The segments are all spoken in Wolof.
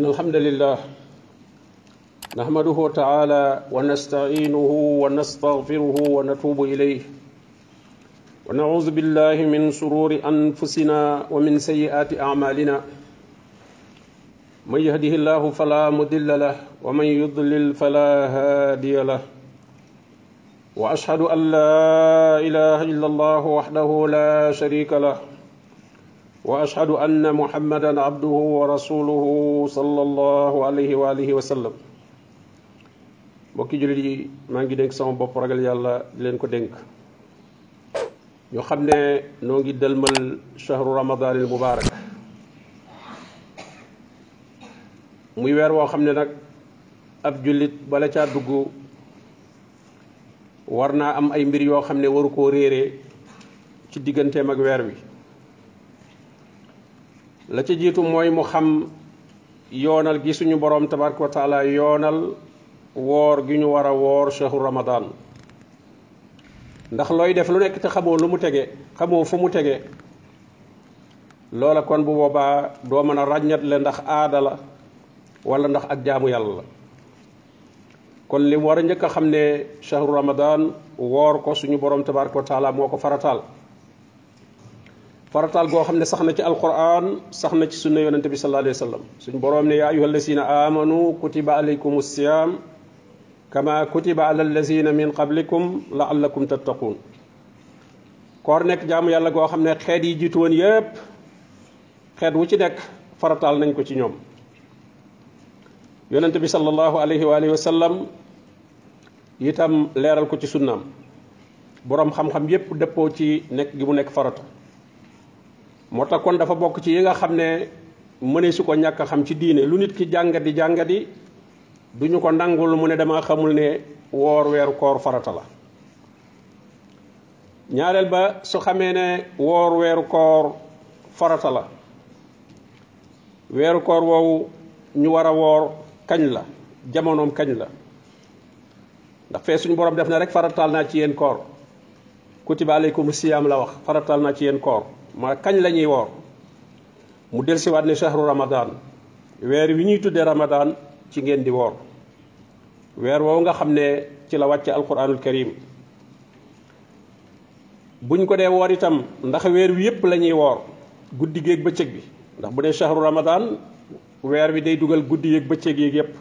إن الحمد لله نحمده تعالى ونستعينه ونستغفره ونتوب إليه ونعوذ بالله من شرور أنفسنا ومن سيئات أعمالنا من يهده الله فلا مضل له ومن يضلل فلا هادي له وأشهد أن لا إله إلا الله وحده لا شريك له واشهد ان محمدا عبده ورسوله صلى الله عليه واله وسلم mbokki jullit yi maa ngi dénk sama bopp ragal yàlla di leen ko dénk ñu xam ne noo ngi dëlmal chahru ramadan il mubarak muy weer woo xam ne nag ab jullit bala caa dugg war naa am ay mbir yoo xam ne waru koo réeree ci digganteem ak weer wi la ca jiitu mooy mu xam yoonal gi suñu boroom tabaraka wa yoonal woor gi ñu war a woor shahru ramadan ndax looy def lu nekk te xamoo lu mu tege xamoo fu mu tege loola kon bu boobaa doo mën a ràññat le ndax aada la wala ndax ak jaamu yàlla la kon li mu war a njëkk a xam ne shahru ramadan woor ko suñu borom tabaraka wa taala moo ko farataal faratal go xamne saxna ci alquran saxna ci sunna yonnate bi sallallahu alayhi wasallam suñ borom ne ya ayyuhal allazina amanu kutiba alaykumus siyam kama kutiba alal allazina min qablikum laallakum tattaqun kor nek jaamu yàlla go xamne ne yi jitu won yeb xeet wu ci nek faratal nañ ko ci ñom yonnate bi sallallahu alayhi wa alihi wasallam yitam leral ko ci sunnam borom xam-xam yépp deppo ci nek gi mu nek faratal moo tax kon dafa bokk ci yi nga xam ne mëne su ko ñàkk xam ci diine lu nit ki jàngati jàngati duñu ko nangul mu ne dama xamul ne woor weeru koor farata la ñaareel ba su xamee ne woor weeru koor farata la weeru koor woowu ñu war a woor kañ la jamonoom kañ la ndax fee suñu borom def na rek faratal naa ci yéen koor kutiba aleykum siyaam la wax faratal naa ci yéen koor mooy kañ la ñuy woor mu del ne chahru ramadan weer wi ñuy tuddee ramadan ci ngeen di woor weer woowu nga xam ne ci la wàcce alquranul karim buñ ko dee woor itam ndax weer wi yépp la ñuy woor guddi géeg bi ndax bu dee chahru ramadan weer wi day dugal guddi yeeg bëccëg yeeg yépp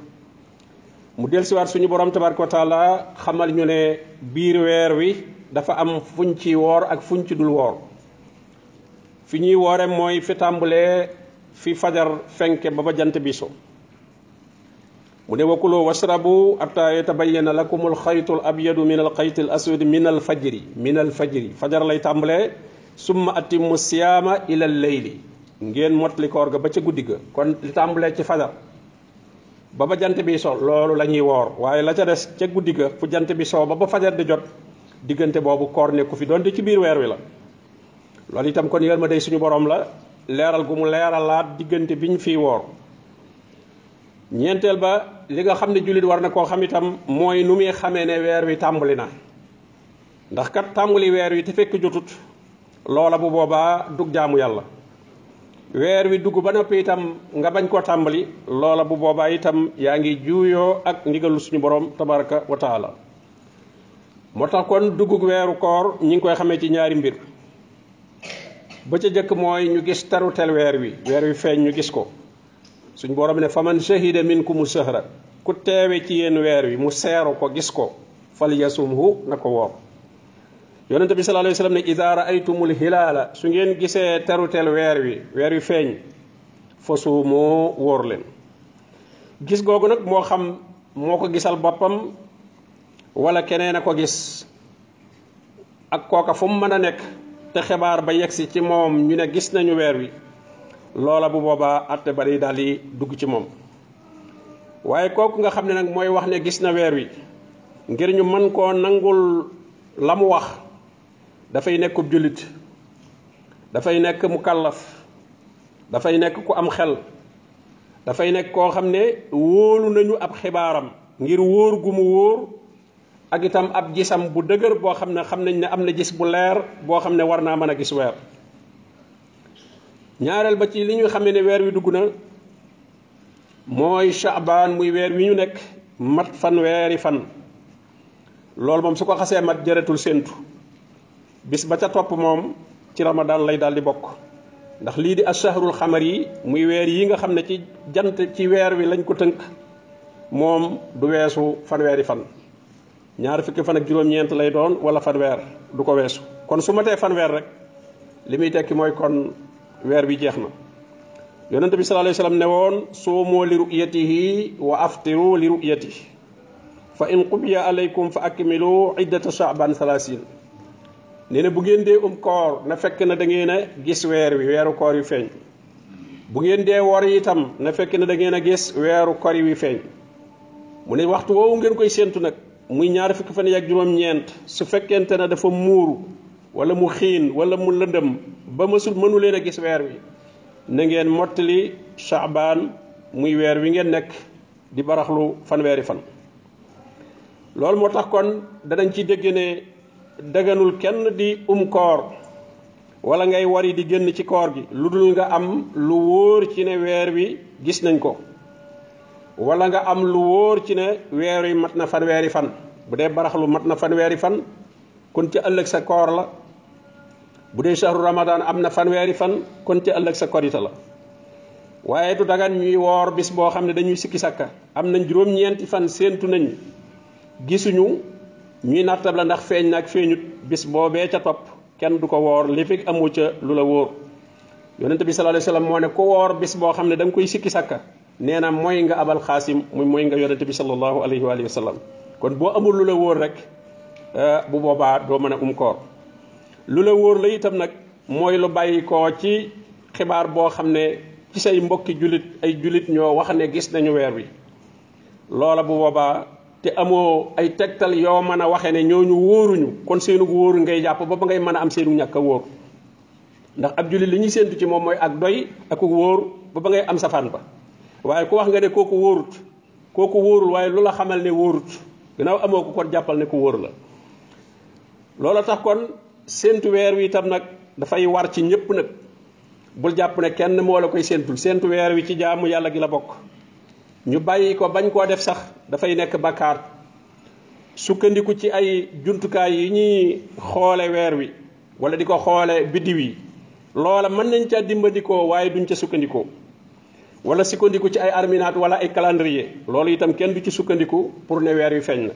mu del siwaat suñu borom tabaraka wa taala xamal ñu ne biir weer wi dafa am fuñ ci woor ak fuñ ci dul woor fi ñuy woore mooy fi tàmbalee fi fajar fenke ba ba jant bi so mu ne wakuloo washrabu atta yatabayyana lakum alxaytu al abyadu min alxayti al aswadi min alfajri min alfajri fajar lay tàmbalee summa atimu siyama ila al-layl ngeen motli koor ga ba ci guddi ga kon li tàmbalee ci fajar ba ba jant bi so loolu lañuy wor waye la ca dess ci guddi ga fu jant bi so ba ba fajar di jot diggante bobu koor ne ku fi don di ci bir wer wi la loolu itam kon yërma day suñu borom la leeral gu mu leeralaat diggante bi ñu fiy woor ñeenteel ba li nga xam ne jullit war na koo xam itam mooy nu muy xamee ne weer wi tàmbali na ndax kat tàmbali weer wi te fekk jotut loola bu boobaa dug jaamu yàlla weer wi dugg ba noppi itam nga bañ koo tàmbali loola bu boobaa itam yaa ngi juuyoo ak ndigalu suñu borom tabaraka wa taala moo tax kon duggug weeru koor ñi koy xamee ci ñaari mbir ba ca jëkk mooy ñu gis terutel weer wi weer wi feeñ ñu gis ko suñ borom ne faman shahida minkumu sahra ku teewe ci yéen weer wi mu seeru ko gis ko fal yasumhu na ko woor yonente bi sallallahu alayhi wasallam ne ida raaytumul hilaala su ngeen gisee terutel weer wi weer wi feeñ fa suumoo wóor leen gis googu nag moo xam moo ko gisal boppam wala keneen a ko gis ak kooka fu mu mën a nekk te xibaar ba yegsi ci moom ñu ne gis nañu weer wi loola bu boobaa atte ba day daal di dugg ci moom waaye kooku nga xam ne nag mooy wax ne gis na weer wi ngir ñu mën koo nangul la mu wax dafay nekkub jullit dafay nekk mu kallaf dafay nekk ku am xel dafay nekk koo xam ne wóolu nañu ab xibaaram ngir wóor gu mu wóor ak itam ab gisam bu dëgër boo xam ne xam nañ ne am na gis bu leer boo xam ne war naa mën a gis weer ñaareel ba ci li ñu xamee ne weer wi dugg na mooy chaabaan muy weer wi ñu nekk mat fan weeri fan loolu moom su ko xasee mat jëretul séntu bis ba ca topp moom ci ramadan lay daal di bokk ndax lii di ashahrul xamar yi muy weer yi nga xam ne ci jant ci weer wi lañ ko tënk moom du weesu fanweeri fan ñaar fukki fan ak juróom-ñeent lay doon wala fan weer du ko weesu kon su matee weer rek li muy tekki mooy kon weer bi jeex na yonente bi sallallahu alayhi wasallam ne woon soomoo li ru'yatihi wa aftiru li ru'yatihi fa in qubiya alaykum fa akmilu iddata shaaban salaasin nee na bu ngeen dee um koor na fekk na da ngeen a gis weer wi weeru koor yu feeñ bu ngeen dee wor itam na fekk na da ngeen a gis weeru koor wi feeñ mu ne waxtu woowu ngeen koy séentu nag muy ñaar fukki fan ak juróom ñeent su fekkente ne dafa muuru wala mu xiin wala mu lëndëm ba mësul mënu leen a gis weer wi na ngeen mottali muy weer wi ngeen nekk di baraxlu fanweeri fan loolu moo tax kon danañ ci dégg ne daganul kenn di um koor wala ngay wari di génn ci koor gi lu nga am lu wóor ci ne weer wi gis nañ ko wala nga am lu wor ci ne wéru mat na fan bu dee baraxlu mat na wéri fan kon ci ëlëk sa koor la bu shahru ramadan am na wéri fan kon ci ëlëk sa korita la waaye du dagan ñuy wor bis bo amna dañuy sikki sakka am nañ juróom-ñeenti fan sentu nañ gisunu ñuy nattab la ndax feñ nak feeñut bis bobé ca top kenn duko wor li fekk amu ca lula wor wóor bi sallallahu alayhi wasallam mo ne ko wor bis bo xamne dang koy sikki sakka neena moy nga abal khasim muy moy nga yaronte bi sallallahu alayhi wa sallam kon bo amul lula wor rek eh, bu boba do meuna um koor lula wor la itam nak moy lu bayiko ci xibar bo xamne ci say mbokki julit ay julit ño wax ne gis nañu wer bi lola bu boba te amo ay tektal yo meuna waxe ne ñoñu woruñu kon seenu woru ngay japp ba ba ngay meuna am seenu ñaka wor ndax ab julit li ñi sentu ci mom moy ak doy ak wor ba ba ngay am safan ba waaye ku wax nga ne kooku wóorut kooku wóorul waaye lu la xamal ne wóorut ginaaw amoo ko kon jàppal ne ku wóor la loola tax kon sentu weer wi itam nag dafay war ci ñëpp nag bul jàpp ne kenn moo la koy sentul sentu weer wi ci jaamu yàlla gi la bokk ñu bàyyi ko bañ koo def sax dafay nekk bakkaar sukkandiku ci ay jumtukaay yi ñuy xoole weer wi wala di ko xoole biddiw yi loola nañ ca dimbandikoo waaye duñ ca sukkandikoo wala sikondiku ci ay arminat wala ay calendrier loolu itam kenn du ci sukkandiku pour ne weer wi feeñ na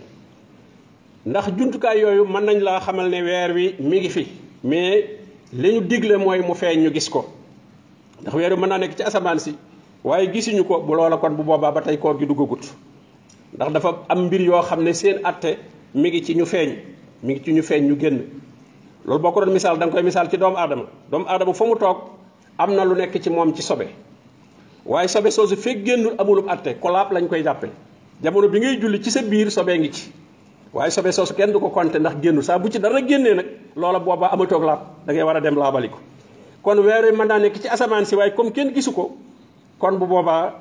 ndax juntukaay yooyu mën nañ la xamal ne weer wi mi ngi fi mais li ñu digle mooy mu feeñ ñu gis ko ndax weer wi mën naa nekk ci asamaan si waaye gisuñu ko bu loola kon bu boobaa ba tey koor gi duggagut ndax dafa am mbir yoo xam ne seen atte mi ngi ci ñu feeñ mi ngi ci ñu feeñ ñu génn loolu doon misaal koy misaal ci doomu aadama doomu aadama fa mu toog am lu nekk ci moom ci sobe waaye sobe soosu fekk génnul amulub atte kolaab lañ koy jàppe jamono bi ngay julli ci sa biir sobee ngi ci waaye sobe soosu kenn du ko compter ndax génnul saa bu ci dara génnee nag loola boobaa amatoog laab dangay war a dem laabali ko kon weer wi mën naa nekk ci asamaan si waaye comme kenn gisu ko kon bu boobaa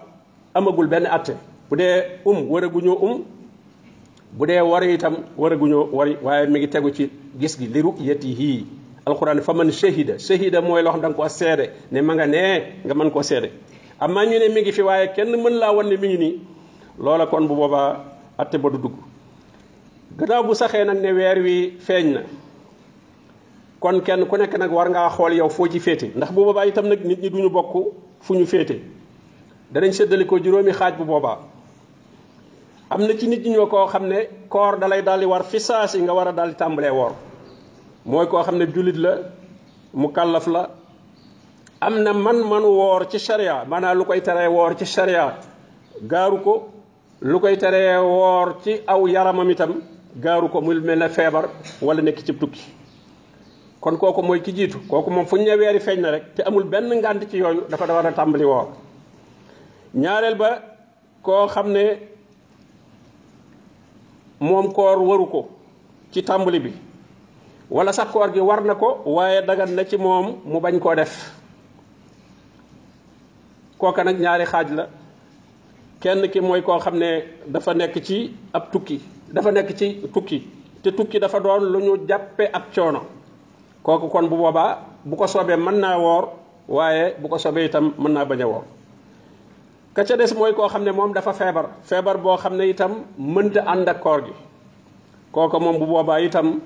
amagul benn atte bu dee um waraguñoo um bu dee wari itam waraguñoo wari waaye mi ngi tegu ci gis gi liru yatihi alxuraan fa man shahida shahida mooy loo xam da nga koo seede ne ma nga nee nga mën koo seede am maa ñu ne mi ngi fi waaye kenn mën laa wan ne mi ngi nii loola kon bu boobaa atte ba du dugg gannaaw bu saxee nag ne weer wi feeñ na kon kenn ku nekk nag war ngaa xool yow foo ci féete ndax bu boobaa itam nag nit ñi duñu bokk fu ñu féete danañ séddale juróomi xaaj bu boobaa am na ci nit ñi koo xam ne koor dalay daldi war fi saasi nga war a daldi tàmbalee woor mooy koo xam ne jullit la mu kàllaf la am na man-manu woor ci sharia manaa lu koy teree woor ci sharia gaaru ko lu koy teree woor ci aw yaramam itam gaaru ko muy mel ne feebar wala nekk ci tukki kon kooku mooy ki jiitu kooku moom fu ñu feeñ na rek te amul benn ngànt ci yooyu dafa war a tàmbali woor ñaareel ba koo xam ne moom koor waru ko ci tàmbali bi wala sax koor gi war na ko waaye dagat na ci moom mu bañ koo def kooka nag ñaari xaaj la kenn ki mooy koo xam ne dafa nekk ci ab tukki dafa nekk ci tukki te tukki dafa doon lu ñu jàppe ab coono kooku kon bu boobaa bu ko sobee mën naa woor waaye bu ko sobee itam mën naa bañ a woor ka ca des mooy koo xam ne moom dafa feebar feebar boo xam ne itam mënta ànd ak koor gi kooka moom bu boobaa itam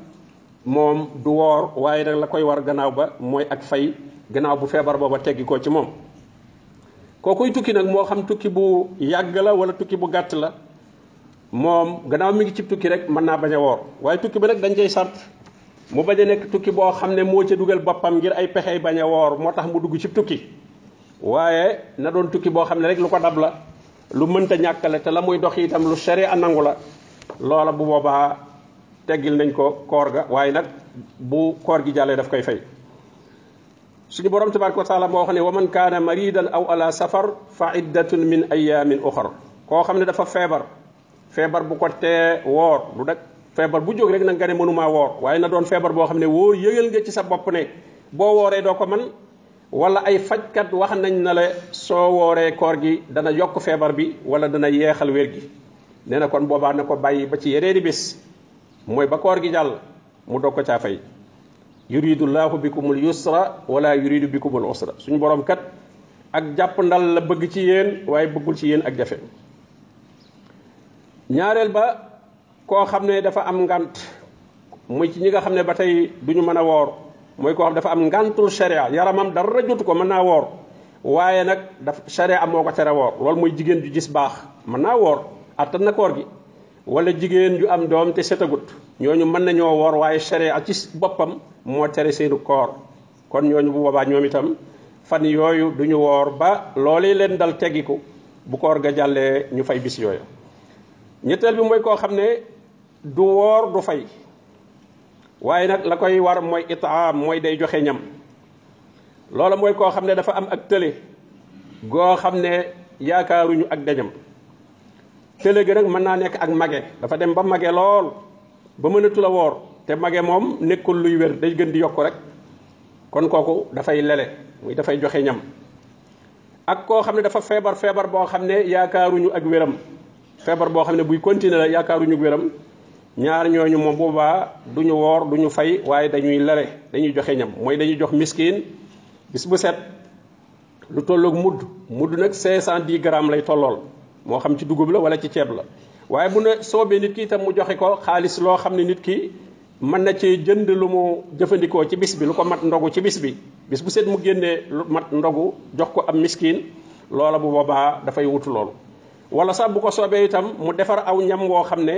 moom du woor waaye nag la koy war gannaaw ba mooy ak fay gannaaw bu feebar booba teggi ko ci moom kokuy tukki nag mo xam tukki bu yag la wala tukki bu gatt la mom gannaaw mi ngi ci tukki rek mana na baña wor waye tukki bi rek dañ cey sart mu baña nek tukki bo xamne ne ci duggal bopam ngir ay pexey bañ a woor moo mu dugg ci tukki waye na doon tukki bo xamne rek lu ko dab la lu meunta ñakale te la muy dox itam lu xere anangula lola bu boba teggil nañ ko koor ga waye nak bu koor gi jàllee daf koy fay suñu borom tabaraka wa taala moo wax ne wa man kaana maridan aw ala safar fa iddatun min ayamin uxar koo xam ne dafa feebar feebar bu ko tee woor du dak feebar bu jóg rek nag nga ne mënumaa woor waaye na doon feebar boo xam ne wóor yëgal nga ci sa bopp ne boo wooree doo ko man wala ay fajkat wax nañ na la soo wooree koor gi dana yokk feebar bi wala dana yeexal wér gi nee na kon boobaa na ko bàyyi ba ci yeneeni bis mooy ba koor gi jàll mu doog ko caa fay yuridu llahu bikumul yusra wala yuridu bikumul usra suñ borom kat ak jàpp ndal la bëgg ci yeen waaye bëggul ci yeen ak jafe ñaareel ba koo xam ne dafa am ngant muy ci ñi nga xam ne ba tey duñu mën a woor mooy xam dafa am ngantul sharia yaramam dara jotu ko mën naa woor waaye nag daf sharia moo ko tere woor loolu mooy jigéen ju gis baax mën naa woor na koor gi wala jigen ju am dom te setagut ñooñu mën nañu wor waaye sharia ci boppam mo téré seenu koor kon ñooñu bu baba ñoom itam fan yoyu duñu wor ba lolé len dal teggiku bu koor ga jàllee ñu fay bis yoyu ñettal bi moy ko xam du wor du fay waye nak la koy war moy itaam moy day joxe ñam loola moy ko xam dafa am ak télé go xam ne ak dañam tëlëg nag mën na nek ak mage dafa dem ba mage lool ba mëna tula wor té mage mom nekul luy wër day gën di yokk rek kon da fay lélé muy fay joxé ñam ak ko xamné dafa fébar fébar bo xamné ne yaakaaruñu ak wëram fébar bo xamné buy continuer la yaakaaruñu ak wëram ñaar ñoñu mom boba duñu wor duñu fay waye dañuy lélé dañuy joxé ñam moy dañuy jox miskin bis bu set lu tollok mudd mudd nak 510 gram lay tollol moo xam ci dugub la wala ci ceeb la waaye bu ne soobee nit ki itam mu joxe ko xaalis loo xam ne nit ki mën na ci jënd lu mu jëfandikoo ci bis bi lu ko mat ndogu ci bis bi bis bu set mu génnee lu mat ndogu jox ko am miskin loola bu boobaa dafay wutu loolu wala sax bu ko soobee itam mu defar aw ñam woo xam ne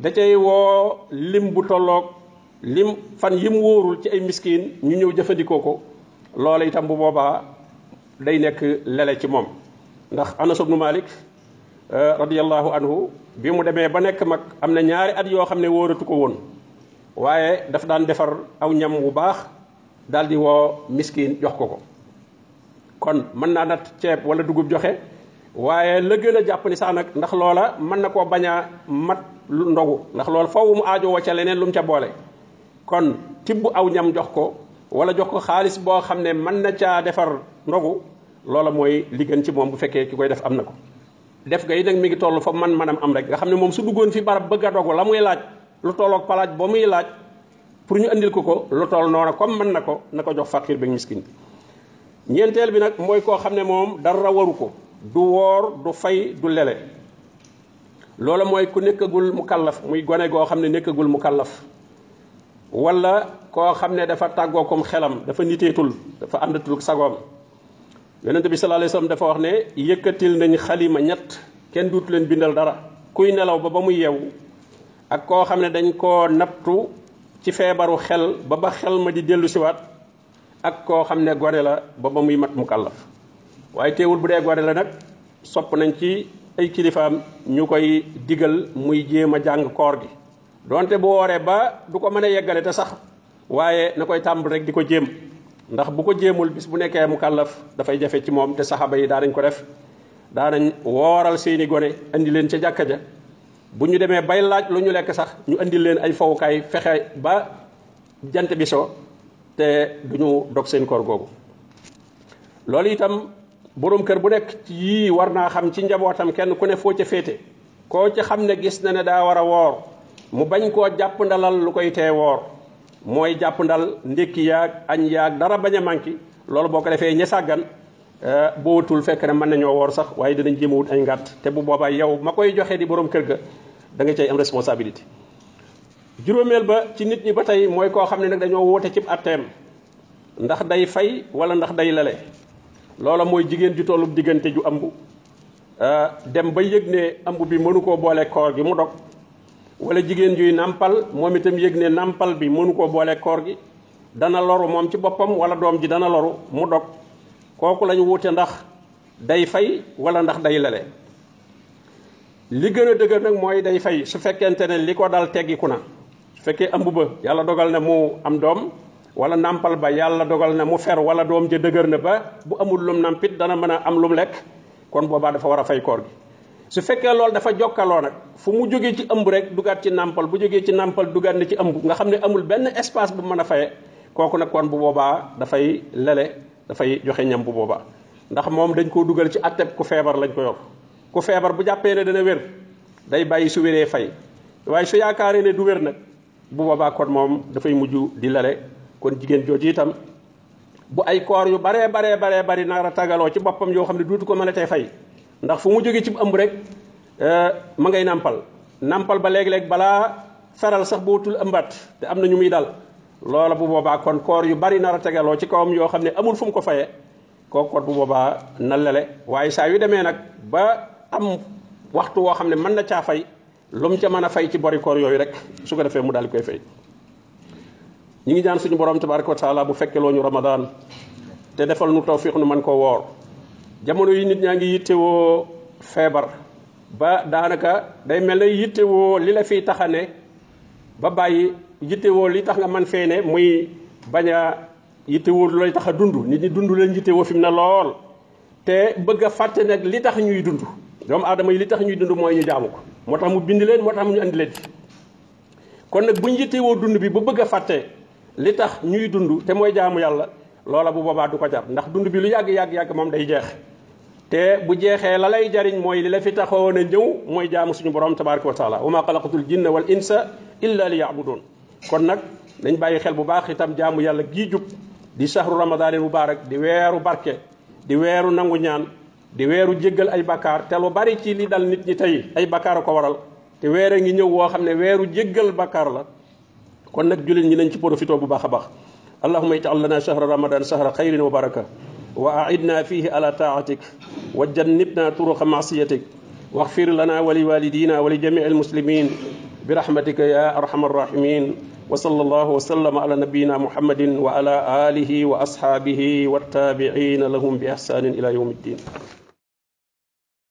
da woo lim bu tollook lim fan yi mu wóorul ci ay miskin ñu ñëw jëfandikoo ko loola itam bu boobaa day nekk lele ci moom ndax Anas ibnu Malik Euh, radiyallahu anhu bi mu demee ba nekk mag am na ñaari at yoo xam ne wóoratu ko woon waaye daf daan defar aw ñam bu baax daal di woo miskin jox ko ko kon mën naa nat ceeb wala dugub joxe waaye la gën a jàpp ni sax nag ndax loola mën na koo mat ndogu ndax loolu faw mu aajo wa ca leneen lu ca boole kon tibb aw ñam jox ko wala jox ko xaalis boo xam ne na caa defar ndogu loola mooy li gën ci moom bu fekkee ki koy def am ko def ga yi nag mi ngi tollu fa man manam am rek nga xamne mom su duggon fi barab bëgg a dogu la muy laaj lu tolloog palaaj bo muy laaj pour ñu andil ko ko lu toll nona comme man nako nako jox fakir bi miskin ñentel bi nak moy ko xamne mom dara waru ko du wor du fay du lele lola moy ku nekkagul mukallaf muy gone go xamne nekkagul mukallaf wala ko xamne dafa taggo tàggookum xelam dafa nitetul dafa àndatul sagom yonent bi sallallahu alayhi wasallam dafa wax ne yëkkatil nañ xalima ñett kenn duut leen bindal dara kuy nelaw ba ba mu yew ak koo xam ne dañ koo nattu ci feebaru xel ba ba xel ma di dellu siwaat ak koo xam ne gore la ba ba muy mat mu kàllaf waaye teewul bu dee gore la nag sopp nañ ci ay kilifaam ñu koy digal muy jéem a jàng koor gi donte bu wooree ba du ko mën a yeggale sax waaye na koy rek di ko jéem ndax bu ko jéemul bis bu nekkee mu kàllaf dafay jafe ci moom te saxaaba yi daanañ ko def daanañ wooral seeni gone indi leen ca jàkka ja bu ñu demee bay laaj lu ñu lekk sax ñu indi leen ay fowukaay fexe ba jant bi so te du ñu dog seen koor googu loolu itam boroom kër bu nekk ci yii war naa xam ci njabootam kenn ku ne foo ca féete koo ci xam ne gis na ne daa war a woor mu bañ koo jàpp ndalal lu koy tee woor moy japp ndal ndek yaak agn yaak dara baña manki lolou boko defé ñi ña euh bo wutul fekk na man nañu wor sax waye dinañ jëm wut ay ngàtt té bu boba yow makoy joxé di borom kër ga da nga cey am responsabilité juromel ba ci nit ñi batay moy ko koo nak ne nag dañoo woote cib ndax day fay wala ndax day lale loola moy jigen ju tollu digënté ju euh dem ba ne ambu bi mënu ko bolé koor gi mu wala jigéen juy nampal moom itam yëg nampal bi mënu ko boole koor gi dana loru moom ci wala dom ji dana loru mu dog kooku lañu wute ndax day fay wala ndax day lale li gën a dëgër nag mooy day fay su fekkente ne li dal teggiku su ba dogal na mu am wala nampal ba yàlla dogal na mu fer wala dom ji dëgër na ba bu amul lum nampit dana mana a am lum lekk kon boobaa dafa fay koor gi su fekkee loolu dafa jokkaloo nag fu mu jógee ci ëmb rek dugaat ci nàmpal bu jógee ci nàmpal dugaat na ci ëmb nga xam ne amul benn espace bu mën a faye kooku nag kon bu boobaa dafay lele dafay joxe ñam bu boobaa ndax moom dañ koo dugal ci atteb ku feebar lañ ko yor ku feebar bu jàppee ne dana wér day bàyyi su wéree fay waaye su yaakaaree ne du wér nag bu boobaa kon moom dafay mujj di lale kon jigéen jooju itam bu ay koor yu baree baree baree bari naara tagaloo ci boppam yoo xam ne duutu ko mën a fay ndax fu mu jógee ci ëmb rek euh, ma ngay nàmpal nàmpal ba léeg-léeg balaa feral sax bootul ëmbaat te am na ñu muy dal loola bu boobaa kon koor yu bari nar a ci kawam yoo xam ne amul fu mu ko faye koo kon bu boobaa na lele waaye saa yu demee nag ba am waxtu woo xam ne mën na caa fay lu mu ca mën a fey ci bori koor yooyu rek su ko defee mu daal di koy fay ñu ngi ñaan suñu borom tabaraka wa taala bu loo ñu ramadan te defal nu tawfiq nu mën koo woor jamono yi nit ñangi yitté wo fébar ba daanaka day mel yitté wo li la fi taxane ba yitté wo li tax nga man fee ne muy baña yitté wo lu lay tax dundu nit ñi dund leen yittewoo fi mu ne lool té bëgg a nak li tax ñuy dundu doom adama yi li tax ñuy dundu moy ñu jaamu ko motax mu bind leen motax mu ñu andi leen kon nag buñ wo dundu bi bu bëgg a li tax ñuy dundu té moy jaamu yalla loola bu boobaa du ko jar ndax dund bi lu yàgg yàgg yàgg moom day jeex te bu jeexee la lay jariñ mooy li la fi taxawoon a ñëw mooy jaamu suñu borom tabaraka wa taala wa ma xalaqatul jinna wal insa illa li yaabudoon kon nag nañ bàyyi xel bu baax itam jaamu yàlla gii jub di sahru ramadaanil mubaarak di weeru barke di weeru nangu ñaan di weeru jéggal ay bakkaar te lu bari ci li dal nit ñi tey ay bakkaar ko waral te weer a ngi ñëw woo xam ne weeru jéggal bakkaar la kon nag jullit ñi nañ ci profito bu baax a baax اللهم اجعل لنا شهر رمضان شهر خير وبركة وأعدنا فيه على طاعتك وجنبنا طرق معصيتك واغفر لنا ولوالدينا ولجميع المسلمين برحمتك يا أرحم الراحمين وصلى الله وسلم على نبينا محمد وعلى آله وأصحابه والتابعين لهم بإحسان إلى يوم الدين